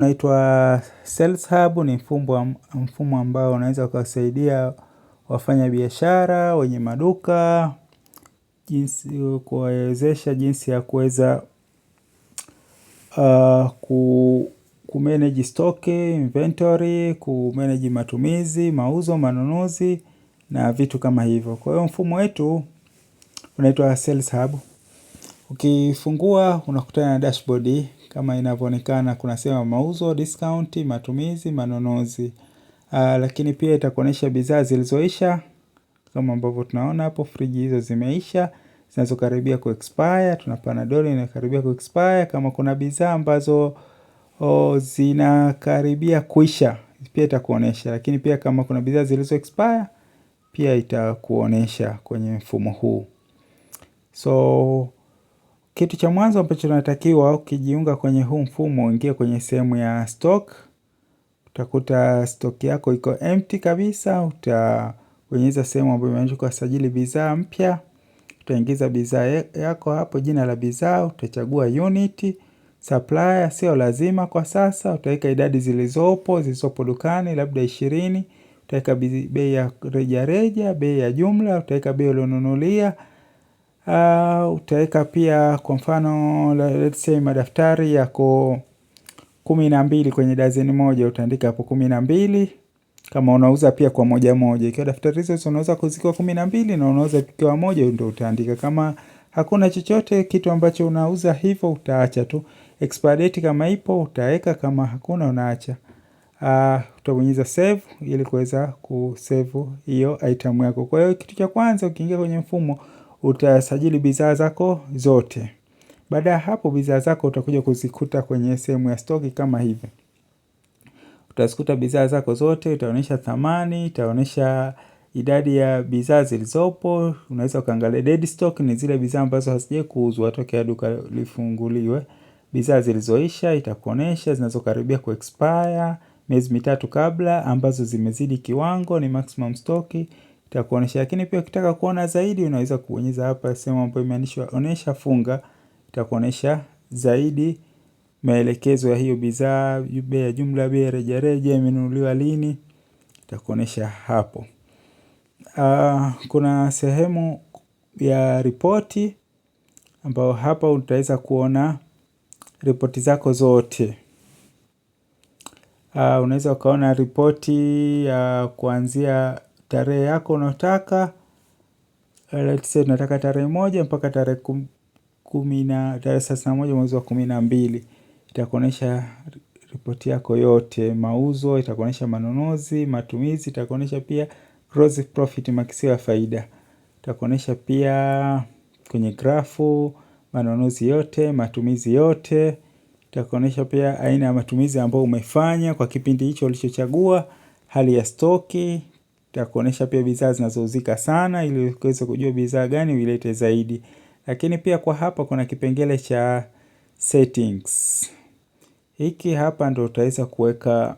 Unaitwa Sales Hub ni mfumo ambao unaweza ukawasaidia wafanya biashara, wenye maduka, kuwawezesha jinsi ya kuweza uh, kumanage stock inventory, kumanage matumizi, mauzo, manunuzi na vitu kama hivyo Kwa hiyo mfumo wetu, unaitwa Sales Hub. Ukifungua unakutana na dashboard kama inavyoonekana kuna sema mauzo, discount, matumizi, manunuzi ah, Lakini pia itakuonyesha bidhaa zilizoisha kama ambavyo tunaona hapo friji hizo zimeisha zinazokaribia expire. tuna panadol inakaribia expire. kama kuna bidhaa ambazo zinakaribia kuisha pia itakuonyesha lakini pia kama kuna bidhaa zilizo expire pia itakuonyesha kwenye mfumo huu so kitu cha mwanzo ambacho tunatakiwa ukijiunga kwenye huu mfumo uingie kwenye sehemu ya stock. Utakuta stock yako iko empty kabisa, utabonyeza sehemu ambayo imeandikwa sajili bidhaa mpya. Utaingiza bidhaa yako hapo, jina la bidhaa, utachagua unit, supplier sio lazima kwa sasa, utaweka idadi zilizopo zilizopo dukani labda ishirini, utaweka bei ya rejareja, bei ya jumla, utaweka bei ulionunulia Uh, utaweka pia kwa mfano let's say madaftari yako kumi na mbili kwenye dazeni moja, utaandika hapo kumi na mbili kama unauza pia kwa moja moja. Ikiwa daftari hizo unaweza kuzikiwa kumi na mbili na unauza kwa moja, ndio utaandika. Kama hakuna chochote kitu ambacho unauza hivyo, utaacha tu. Expire date kama ipo utaweka, kama hakuna unaacha. Uh, utabonyeza save ili kuweza kusave hiyo item yako. Kwa hiyo kitu cha kwanza ukiingia kwenye mfumo utasajili bidhaa zako zote. Baada ya hapo bidhaa zako utakuja kuzikuta kwenye sehemu ya stoki kama hivi. Utazikuta bidhaa zako zote, itaonyesha thamani, itaonyesha idadi ya bidhaa zilizopo. Unaweza ukaangalia dead stock ni zile bidhaa ambazo hazijai kuuzwa tokea duka lifunguliwe. Bidhaa zilizoisha itakuonesha zinazokaribia kuexpire miezi mitatu kabla ambazo zimezidi kiwango ni maximum stoki itakuonesha. Lakini pia ukitaka kuona zaidi unaweza kubonyeza hapa sehemu ambayo imeandikwa onesha funga, itakuonesha zaidi maelekezo ya hiyo bidhaa, bei ya jumla, bei ya rejareja, imenunuliwa lini, itakuonesha hapo. Uh, kuna sehemu ya ripoti ambayo hapa utaweza kuona ripoti zako zote. Uh, unaweza ukaona ripoti ya uh, kuanzia tarehe yako unataka tuseme eh, tunataka tarehe moja mpaka tarehe kumi na tarehe thelathini na moja mwezi wa kumi na mbili itakuonyesha ripoti yako yote, mauzo itakuonyesha manunuzi, matumizi itakuonyesha pia gross profit, makisio ya faida itakuonyesha pia kwenye grafu manunuzi yote, matumizi yote itakuonesha pia aina ya matumizi ambayo umefanya kwa kipindi hicho ulichochagua, hali ya stoki Nitakuonesha pia bidhaa zinazouzika sana ili uweze kujua bidhaa gani uilete zaidi. Lakini pia kwa hapa kuna kipengele cha settings. Hiki hapa ndo utaweza kuweka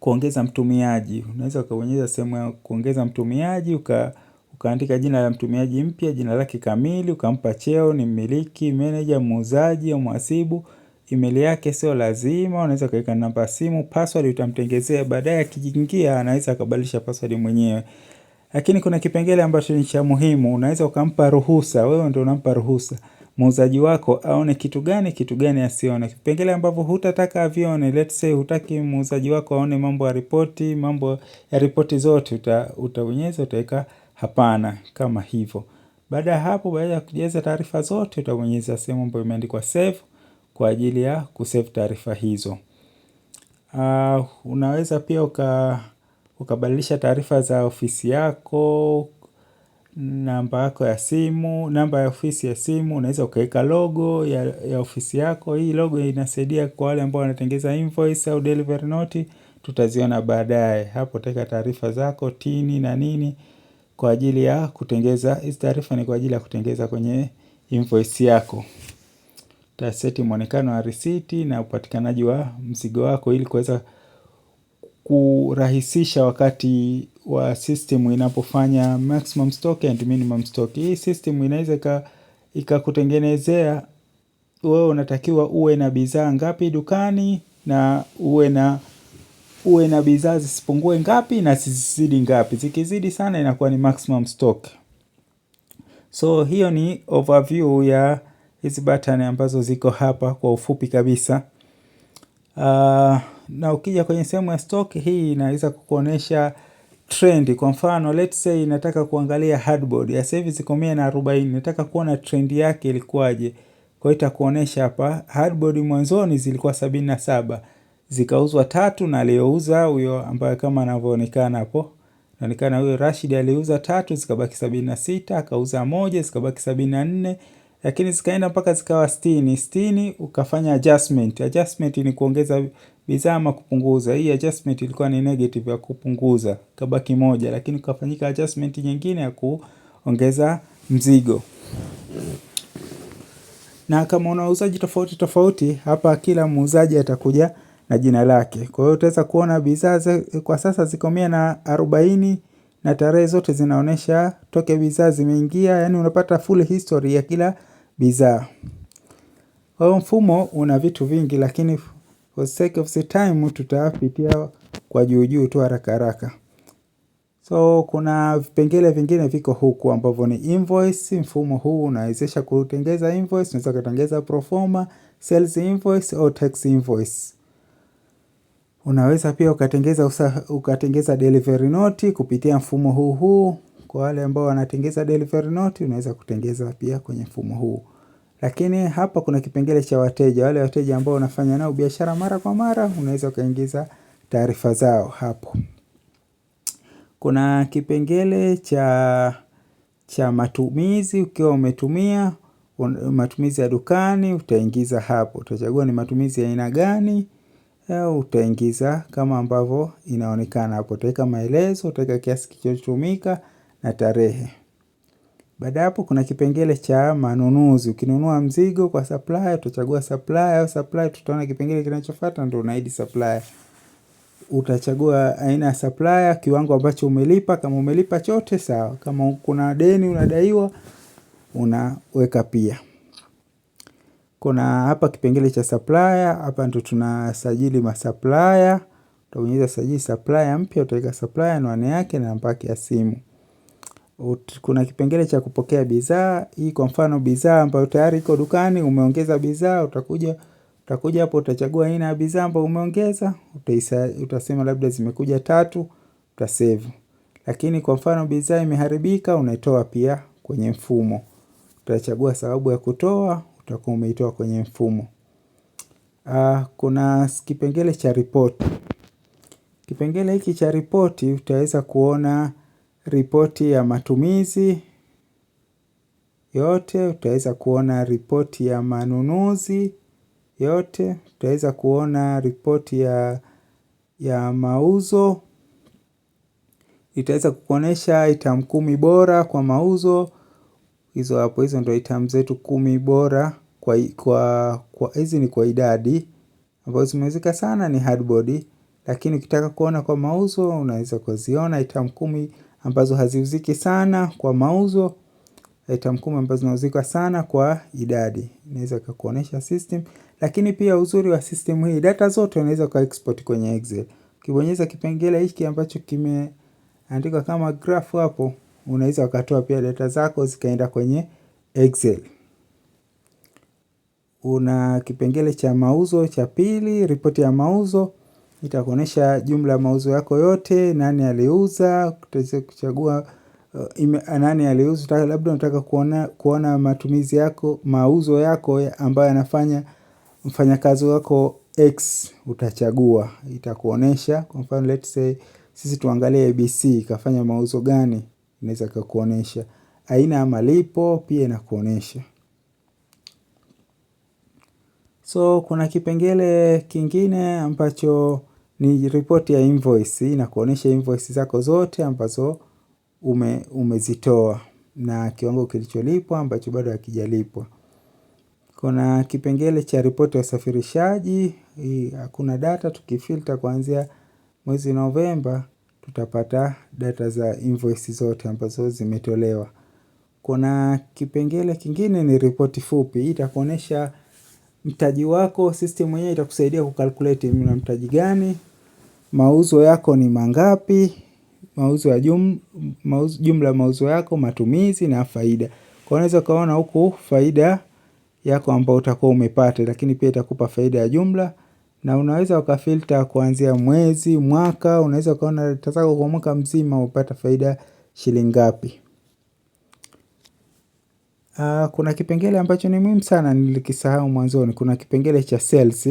kuongeza mtumiaji. Unaweza ukabonyeza sehemu ya kuongeza mtumiaji, uka, ukaandika jina la mtumiaji mpya, jina lake kamili, ukampa cheo, ni mmiliki, meneja, muuzaji au mhasibu email yake sio lazima, unaweza kaweka namba simu, password utamtengezea, baadaye akijiingia anaweza akabadilisha password mwenyewe. Lakini kuna kipengele ambacho ni cha muhimu, unaweza ukampa ruhusa, wewe ndio unampa ruhusa muuzaji wako aone kitu gani, kitu gani asione, vipengele ambavyo hutataka avione. Let's say hutaki muuzaji wako aone mambo ya ripoti, mambo ya ripoti zote, utabonyeza uta utaweka hapana, kama hivyo. Baada ya hapo, baada ya kujaza taarifa zote, utabonyeza sehemu ambayo imeandikwa save kwa ajili ya kusave taarifa hizo. Uh, unaweza pia uka, ukabadilisha taarifa za ofisi yako, namba yako ya simu, namba ya ofisi ya simu, unaweza ukaweka logo ya, ya ofisi yako. Hii logo inasaidia kwa wale ambao wanatengeza invoice au delivery note, tutaziona baadaye. Hapo utaweka taarifa zako tini na nini kwa ajili ya kutengeza. Hizi taarifa ni kwa ajili ya kutengeza kwenye invoice yako taseti mwonekano wa risiti na upatikanaji wa mzigo wako ili kuweza kurahisisha wakati wa system inapofanya maximum stock and minimum stock. Hii system inaweza ikakutengenezea wewe unatakiwa uwe na bidhaa ngapi dukani na uwe na uwe na bidhaa zisipungue ngapi na zisizidi ngapi. Zikizidi sana inakuwa ni maximum stock. So hiyo ni overview ya hizi button ambazo ziko hapa kwa ufupi kabisa. Uh, na ukija kwenye sehemu ya stock hii inaweza kukuonesha trend. Kwa mfano let's say nataka kuangalia hardboard ya sasa hivi ziko 140. nataka kuona trend yake ilikuwaje. Kwa hiyo itakuonesha hapa hardboard mwanzoni zilikuwa 77. zikauzwa tatu, na aliyouza huyo ambaye kama anavyoonekana hapo naonekana huyo Rashid aliuza tatu zikabaki 76, akauza moja zikabaki sabini lakini zikaenda mpaka zikawa 60 60, ukafanya adjustment. Adjustment ni kuongeza bidhaa ama kupunguza. Hii adjustment ilikuwa ni negative ya kupunguza, kabaki moja, lakini ukafanyika adjustment nyingine ya kuongeza mzigo. Na kama una wauzaji tofauti tofauti, hapa kila muuzaji atakuja na jina lake. Kwa hiyo utaweza kuona bidhaa kwa sasa ziko mia na arobaini na tarehe zote zinaonyesha toke bidhaa zimeingia, yani unapata full history ya kila bidhaa. Huo mfumo una vitu vingi lakini for sake of the time tutapitia kwa juu juu tu haraka haraka. So kuna vipengele vingine viko huku ambavyo ni invoice. Mfumo huu unawezesha kutengeza invoice, unaweza kutengeza proforma, sales invoice au tax invoice. Unaweza pia ukatengeza usa, ukatengeza delivery note kupitia mfumo huu huu. Kwa wale ambao wanatengeza delivery note, unaweza kutengeza pia kwenye mfumo huu. Lakini hapa kuna kipengele cha wateja. Wale wateja ambao unafanya nao biashara mara kwa mara, unaweza ukaingiza taarifa zao hapo. Kuna kipengele cha cha matumizi, ukiwa umetumia matumizi ya dukani utaingiza hapo, utachagua ni matumizi ya aina gani, utaingiza kama ambavyo inaonekana hapo, utaweka maelezo, utaweka kiasi kilichotumika na tarehe. Baada hapo kuna kipengele cha manunuzi. Ukinunua mzigo kwa supplier, utachagua supplier au supplier, tutaona kipengele kinachofuata ndio unaidi supplier. Utachagua aina ya supplier, kiwango ambacho umelipa, kama umelipa chote sawa. Kama kuna deni unadaiwa unaweka pia. Kuna hapa kipengele cha supplier, hapa ndio tunasajili masupplier. Utabonyeza sajili supplier mpya, utaweka supplier, anwani yake na namba yake ya simu kuna kipengele cha kupokea bidhaa hii kwa mfano bidhaa ambayo tayari iko dukani umeongeza bidhaa utakuja utakuja hapo utachagua aina ya bidhaa ambayo umeongeza utasema labda zimekuja tatu utasave lakini kwa mfano bidhaa imeharibika unaitoa pia kwenye mfumo utachagua sababu ya kutoa utakuwa umeitoa kwenye mfumo ah, kuna kipengele cha ripoti kipengele hiki cha ripoti utaweza kuona ripoti ya matumizi yote, utaweza kuona ripoti ya manunuzi yote, utaweza kuona ripoti ya, ya mauzo. Itaweza kukuonesha item kumi bora kwa mauzo. Hizo hapo, hizo ndio item zetu kumi bora kwa kwa kwa hizi ni kwa idadi ambazo zimeuzika sana ni hardboard, lakini ukitaka kuona kwa mauzo unaweza kuziona item kumi ambazo haziuziki sana kwa mauzo kumi ambazo zinauzika sana kwa idadi inaweza kukuonesha system lakini pia uzuri wa system hii data zote unaweza uka export kwenye Excel ukibonyeza kipengele hiki ambacho kimeandikwa kama graph hapo unaweza ukatoa pia data zako zikaenda kwenye Excel una kipengele cha mauzo cha pili ripoti ya mauzo itakuonesha jumla ya mauzo yako yote, nani aliuza, utaweza kuchagua uh, nani aliuza. Labda unataka kuona, kuona matumizi yako, mauzo yako ya ambayo anafanya mfanyakazi wako X, utachagua itakuonesha. Kwa mfano let's say sisi tuangalie ABC kafanya mauzo gani, inaweza kukuonesha aina ya malipo pia inakuonesha. So kuna kipengele kingine ambacho ni report ya invoice inakuonyesha invoice zako zote ambazo ume, umezitoa na kiwango kilicholipwa ambacho bado hakijalipwa. Kuna kipengele cha ripoti ya usafirishaji, hakuna data, tukifilter kuanzia mwezi Novemba tutapata data za invoice zote ambazo zimetolewa. Kuna kipengele kingine ni ripoti fupi, itakuonyesha mtaji wako, system yenyewe itakusaidia kukalkulate una mtaji gani mauzo yako ni mangapi, mauzo ya jumla mauzo yako, matumizi na faida. Kwa unaweza ukaona huku faida yako ambayo utakuwa umepata, lakini pia itakupa faida ya jumla na unaweza ukafilter kuanzia mwezi, mwaka, unaweza ukaona data zako kwa mwaka mzima umepata faida shilingi ngapi. Ah, kuna kipengele ambacho ni muhimu sana nilikisahau mwanzoni. Kuna kipengele cha sales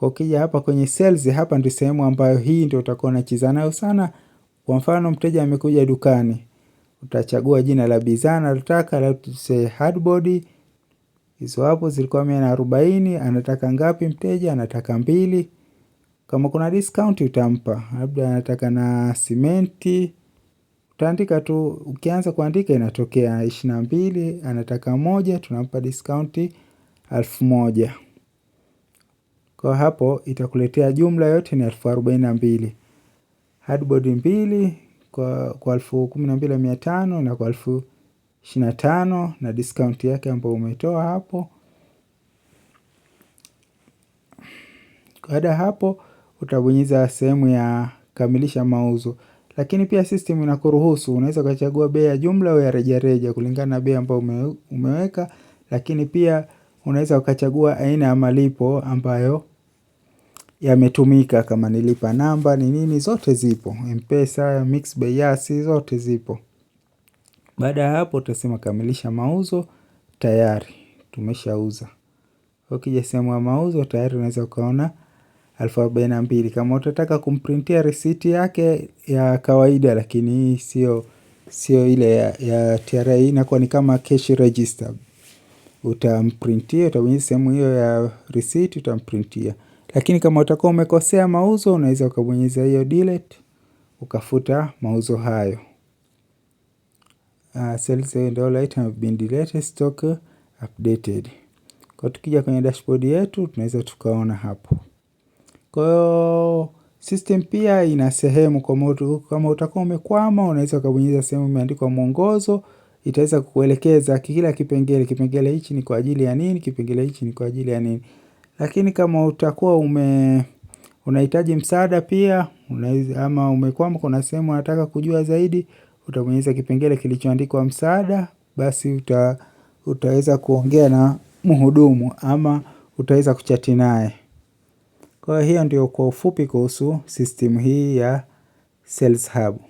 kwa ukija hapa kwenye sales, hapa ndio sehemu ambayo hii ndio utakuwa unacheza nayo sana. Kwa mfano mteja amekuja dukani, utachagua jina la bidhaa analotaka, labda tuseme hardboard. Hizo hapo zilikuwa mia na arobaini. Anataka ngapi mteja? Anataka mbili. Kama kuna discount utampa, labda anataka na simenti, utaandika tu. Ukianza kuandika inatokea ishirini na mbili, anataka moja, tunampa discount elfu moja. Kwa hapo itakuletea jumla yote ni elfu arobaini na mbili hardboard mbili kwa, kwa elfu kumi na mbili mia tano na kwa elfu ishirini na tano na discount yake ambayo umetoa hapo. Baada ya hapo utabonyeza sehemu ya kamilisha mauzo, lakini pia system inakuruhusu unaweza ukachagua bei ya jumla au ya rejareja kulingana na bei ambayo ume, umeweka, lakini pia unaweza ukachagua aina ya malipo ambayo yametumika kama nilipa namba ni nini zote zipo Mpesa, mix buyers zote zipo Baada ya hapo utasema kamilisha mauzo tayari tumeshauza Ukija sehemu ya mauzo tayari unaweza ukaona elfu arobaini na mbili kama utataka kumprintia risiti yake ya kawaida lakini hii sio sio ile ya, ya TRA inakuwa ni kama cash register utamprintia utabonyeza sehemu hiyo ya risiti utamprintia lakini kama utakuwa umekosea mauzo, unaweza ukabonyeza hiyo delete ukafuta mauzo hayo. Uh, ah, sales and all items have been deleted, stock updated. Kwa tukija kwenye dashboard yetu tunaweza tukaona hapo. Kwa hiyo system pia ina sehemu kama utakuwa umekwama, unaweza ukabonyeza sehemu imeandikwa mwongozo, itaweza kukuelekeza kila kipengele, kipengele hichi ni kwa ajili ya nini, kipengele hichi ni kwa ajili ya nini. Lakini kama utakuwa ume unahitaji msaada pia ama umekwama kuna sehemu unataka kujua zaidi utabonyeza kipengele kilichoandikwa msaada basi uta utaweza kuongea na mhudumu ama utaweza kuchati naye. Kwa hiyo ndio kwa ufupi kuhusu system hii ya Sales Hub.